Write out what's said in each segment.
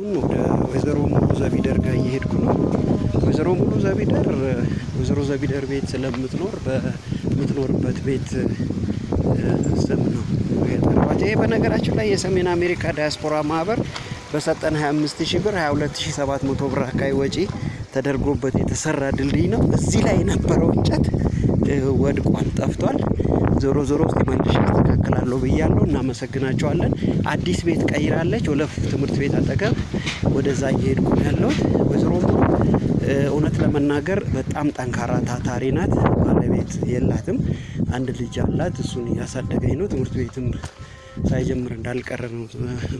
አሁን ወደ ወይዘሮ ሙሉ ዘቢደር ጋር እየሄድኩ ነው። ወይዘሮ ሙሉ ዘቢደር ወይዘሮ ዘቢደር ቤት ስለምትኖር በምትኖርበት ቤት ስም ነው የጠራኋቸው። ይሄ በነገራችን ላይ የሰሜን አሜሪካ ዲያስፖራ ማህበር በሰጠን 25 ሺህ ብር 22700 ብር አካባቢ ወጪ ተደርጎበት የተሰራ ድልድይ ነው። እዚህ ላይ የነበረው እንጨት ወድቋል፣ ጠፍቷል። ዞሮ ዞሮ ውስጥ መንድሻ አስተካክላለሁ ብያለሁ። እናመሰግናቸዋለን። አዲስ ቤት ቀይራለች። ወለፍ ትምህርት ቤት አጠገብ ወደዛ እየሄድኩ ነው ያለሁት። ወይዘሮ እውነት ለመናገር በጣም ጠንካራ ታታሪ ናት። ባለቤት የላትም፣ አንድ ልጅ አላት። እሱን እያሳደገኝ ነው። ትምህርት ቤትም ሳይጀምር እንዳልቀረ ነው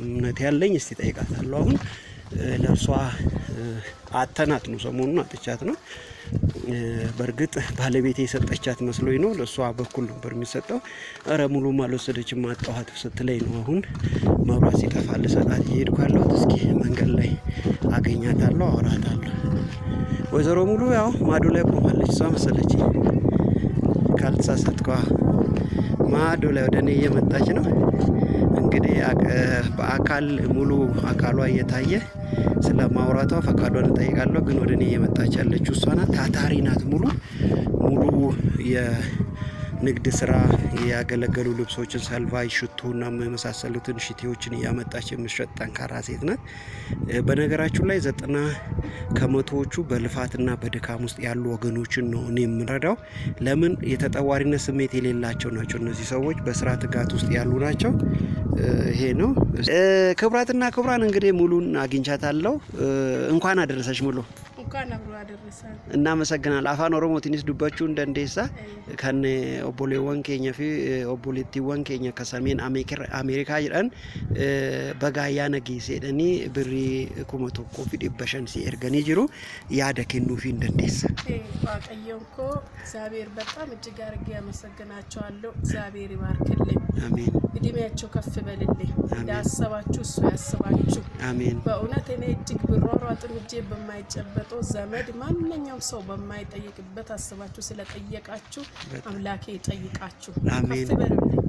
እምነት ያለኝ። እስቲ ጠይቃታለሁ አሁን ለእርሷ አተናት ነው። ሰሞኑን አጥቻት ነው። በእርግጥ ባለቤቴ የሰጠቻት መስሎኝ ነው። ለእሷ በኩል ነበር የሚሰጠው። እረ ሙሉም አልወሰደችም አጣኋት ስትለኝ ነው። አሁን መብራት ሲጠፋ ልሰጣት እየሄድኩ ያለሁት። እስኪ መንገድ ላይ አገኛታለሁ፣ አወራታለሁ። ወይዘሮ ሙሉ ያው ማዶ ላይ ቆማለች እሷ መሰለች ካልተሳሳትኳ ማዶ ላይ ወደ እኔ እየመጣች ነው። እንግዲህ በአካል ሙሉ አካሏ እየታየ ስለ ማውራቷ ፈቃዷን እጠይቃለሁ። ግን ወደ እኔ እየመጣች ያለችው እሷ ናት። ታታሪ ናት። ሙሉ ሙሉ ንግድ ስራ ያገለገሉ ልብሶችን፣ ሰልቫይ፣ እና የመሳሰሉትን ሽቴዎችን እያመጣች የምትሸጥ ጠንካራ ሴት ናት። በነገራችሁ ላይ ዘጠና ከመቶዎቹ በልፋትና በድካም ውስጥ ያሉ ወገኖችን ነው እኔ የምረዳው። ለምን የተጠዋሪነት ስሜት የሌላቸው ናቸው። እነዚህ ሰዎች በስራ ትጋት ውስጥ ያሉ ናቸው። ይሄ ነው ክብራትና ክብራን። እንግዲህ ሙሉን አግኝቻታለሁ። እንኳን አደረሰች ሙሉ እናመሰግናል። አፋን ኦሮሞ ትንሽ ዱባችሁ እንደንዴሳ ከነ ከን ኬኛ ፊ ኦቦሌትቲወን ኬኛ ከሰሜን አሜሪካ ጅረን በጋያነ ጌሴደኒ ብሪ kuma tokkoo fi dhibba shan si erganii jiru yaada kennuuf hin እግዚአብሔር በጣም እጅግ እግዚአብሔር ይባርክልኝ፣ አሜን። እድሜያቸው ከፍ በልልኝ፣ ያሰባችሁ እሱ ያስባችሁ፣ አሜን። በእውነት እኔ እጅግ ብሯሯጥም እጄ በማይጨበጠው ዘመድ ማንኛውም ሰው በማይጠይቅበት አስባችሁ ስለጠየቃችሁ አምላኬ ይጠይቃችሁ።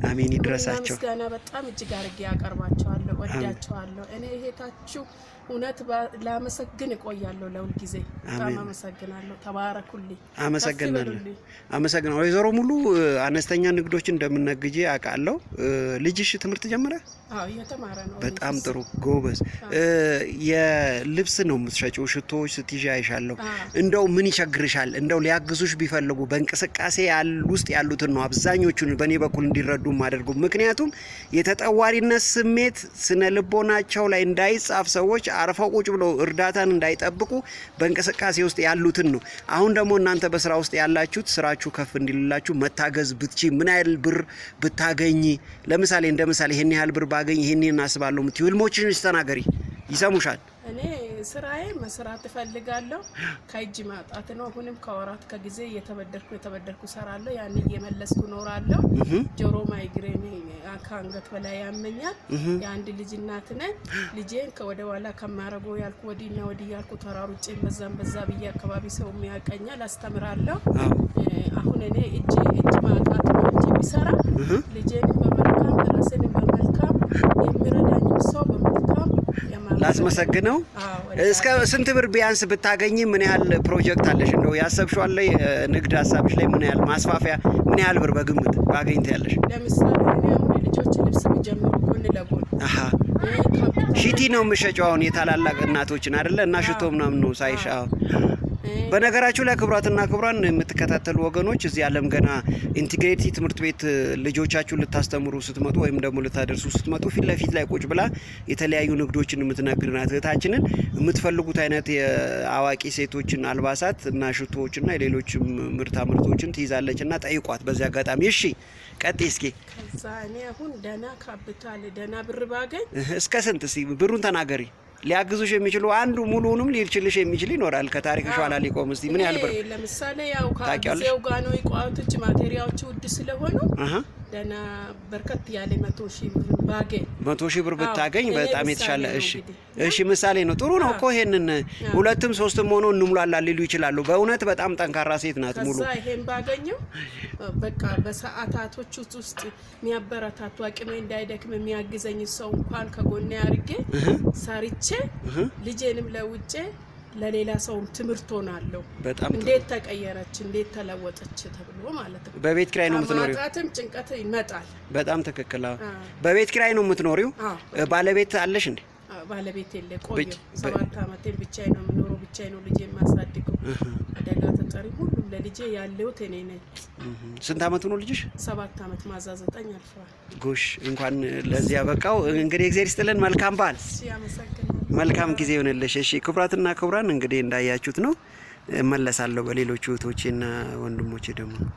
አሜን ይድረሳቸው። ምስጋና በጣም እጅግ አድርጌ ያቀርባቸዋለሁ። ወዳቸዋለሁ። እኔ እህታችሁ እውነት ላመሰግን እቆያለሁ። ለሁል ጊዜ በጣም አመሰግናለሁ። ተባረኩልኝ። አመሰግናለሁ። አመሰግናለሁ። ወይዘሮ ሙሉ አነስተኛ ንግዶች እንደምነግጄ አውቃለሁ። ልጅሽ ትምህርት ጀመረ? እየተማረ ነው። በጣም ጥሩ ጎበዝ። የልብስ ነው የምትሸጪው? ሽቶዎች ስትይዣ አይሻለሁ። እንደው ምን ይቸግርሻል? እንደው ሊያግዙሽ ቢፈልጉ በእንቅስቃሴ ውስጥ ያሉትን ነው አብዛኞቹን በእኔ በኩል እንዲረዱ ማደርጉ። ምክንያቱም የተጠዋሪነት ስሜት ስነ ልቦናቸው ላይ እንዳይጻፍ ሰዎች አርፈው ቁጭ ብለው እርዳታን እንዳይጠብቁ በእንቅስቃሴ ውስጥ ያሉትን ነው። አሁን ደግሞ እናንተ በስራ ውስጥ ያላችሁት ስራችሁ ከፍ እንዲልላችሁ መታገዝ ብትች ምን ያህል ብር ብታገኝ፣ ለምሳሌ እንደ ምሳሌ ይሄን ያህል ብር ባገኝ ይሄን አስባለሁ ምትዩ ህልሞችን ተናገሪ። ይሰሙሻል። እኔ ስራዬ መስራት እፈልጋለሁ። ከእጅ ማጣት ነው። አሁንም ከወራት ከጊዜ እየተበደርኩ እየተበደርኩ እሰራለሁ። ያን እየመለስኩ እኖራለሁ። ጆሮ ማይግሬን ከአንገት በላይ ያመኛል። የአንድ ልጅ እናት ነኝ። ልጄን ከወደ ኋላ ከማረጎ ያልኩ ወዲና ወዲ ያልኩ ተራሩጬ በዛም በዛ ብዬ አካባቢ ሰው የሚያቀኛል አስተምራለሁ። አሁን እኔ እጅ እጅ ማጣት ነው እንጂ ቢሰራ ልጄን በመልካም ራሴን የምታስመሰግነው። እስከ ስንት ብር ቢያንስ ብታገኝ ምን ያህል ፕሮጀክት አለሽ? እንደው ያሰብሽው አለ ንግድ ሀሳብሽ ላይ ምን ያህል ማስፋፊያ፣ ምን ያህል ብር በግምት ባገኝት ያለሽ? ሺቲ ነው የምሸጨው አሁን የታላላቅ እናቶችን አይደለ እና ሽቶ ምናምን ነው ሳይሽ በነገራችሁ ላይ ክቡራትና ክቡራን የምትከታተሉ ወገኖች እዚህ ዓለም ገና ኢንቴግሬቲ ትምህርት ቤት ልጆቻችሁን ልታስተምሩ ስትመጡ ወይም ደግሞ ልታደርሱ ስትመጡ ፊት ለፊት ላይ ቁጭ ብላ የተለያዩ ንግዶችን የምትነግድናት እህታችንን የምትፈልጉት አይነት የአዋቂ ሴቶችን አልባሳት እና ሽቶዎችና የሌሎች ምርታ ምርቶችን ትይዛለች እና ጠይቋት። በዚህ አጋጣሚ እሺ፣ ቀጥይ እስኪ። ከዛ እኔ አሁን ደህና ካፒታል ደህና ብር ባገኝ እስከ ስንት ብሩን ተናገሪ። ሊያግዙሽ የሚችሉ አንዱ ሙሉውንም ሊልችልሽ የሚችል ይኖራል። ከታሪክ ኋላ ሊቆም እስቲ ምን ያህል ብር ለምሳሌ ያው ከጊዜው ጋር ነው የቋጡት ማቴሪያዎቹ ውድ ስለሆኑ ደህና በርከት ያለ መቶ ሺህ ብር ባገኝ መቶ ሺህ ብር ብታገኝ በጣም የተሻለ። እሺ እሺ፣ ምሳሌ ነው። ጥሩ ነው እኮ ይሄንን ሁለትም ሶስትም ሆኖ እንሙላላ ሊሉ ይችላሉ። በእውነት በጣም ጠንካራ ሴት ናት። ሙሉ ይሄን ባገኘው በቃ በሰዓታቶች ውስጥ የሚያበረታቱ አቅሜ እንዳይደክም የሚያግዘኝ ሰው እንኳን ከጎኔ አድርጌ ሰርቼ ልጄንም ለውጬ ለሌላ ሰውም ትምህርት ሆናለሁ። በጣም እንዴት ተቀየረች እንዴት ተለወጠች ተብሎ ማለት ነው። በቤት ኪራይ ነው የምትኖሪው? ማጣትም ጭንቀት ይመጣል። በጣም ትክክል። በቤት ኪራይ ነው የምትኖሪው? ባለቤት አለሽ እንዴ? ባለቤት የለ፣ ቆየ ሰባት አመቴን ብቻዬ ነው የምኖረው፣ ብቻዬ ነው ልጄ የማሳድገው። አደጋ ተጠሪ ሁሉም ለልጄ ያለሁት እኔ ነኝ። ስንት አመቱ ነው ልጅሽ? ሰባት አመት ማዛ ዘጠኝ አልፈዋል። ጎሽ እንኳን ለዚህ ያበቃው። እንግዲህ እግዚአብሔር ይስጥልን። መልካም በዓል። መልካም ጊዜ ይሆንልሽ። እሺ ክቡራትና ክቡራን እንግዲህ እንዳያችሁት ነው። መለሳለሁ በሌሎቹ እህቶቼና ወንድሞቼ ደግሞ